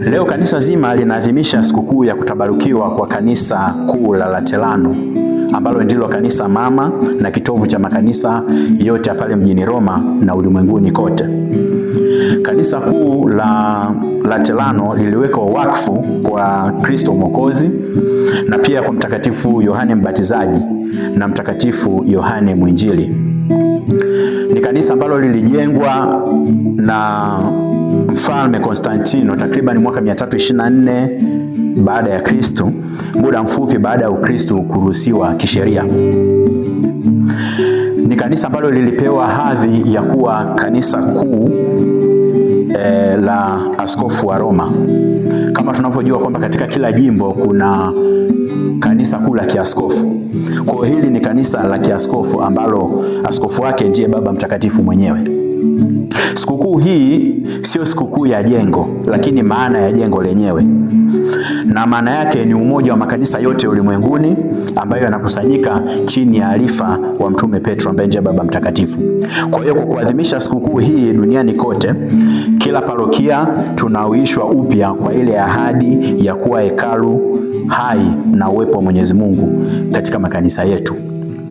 Leo kanisa zima linaadhimisha sikukuu ya kutabarukiwa kwa kanisa kuu la Laterano ambalo ndilo kanisa mama na kitovu cha makanisa yote pale mjini Roma na ulimwenguni kote. Kanisa kuu la Laterano liliwekwa wakfu kwa Kristo Mwokozi na pia kwa Mtakatifu Yohane Mbatizaji na Mtakatifu Yohane Mwinjili. Ni kanisa ambalo lilijengwa na Mfalme Konstantino takriban mwaka 324 baada ya Kristo, muda mfupi baada ya Ukristo kuruhusiwa kisheria. Ni kanisa ambalo lilipewa hadhi ya kuwa kanisa kuu e, la askofu wa Roma. Kama tunavyojua kwamba katika kila jimbo kuna kanisa kuu la kiaskofu. Kwa hiyo hili ni kanisa la kiaskofu ambalo askofu wake ndiye Baba Mtakatifu mwenyewe. Sikukuu hii sio sikukuu ya jengo, lakini maana ya jengo lenyewe, na maana yake ni umoja wa makanisa yote ulimwenguni ambayo yanakusanyika chini ya alifa wa Mtume Petro ambaye ndiye Baba Mtakatifu. Kwa hiyo kwa kuadhimisha sikukuu hii duniani kote, kila parokia tunauishwa upya kwa ile ahadi ya kuwa hekalu hai na uwepo wa Mwenyezi Mungu katika makanisa yetu.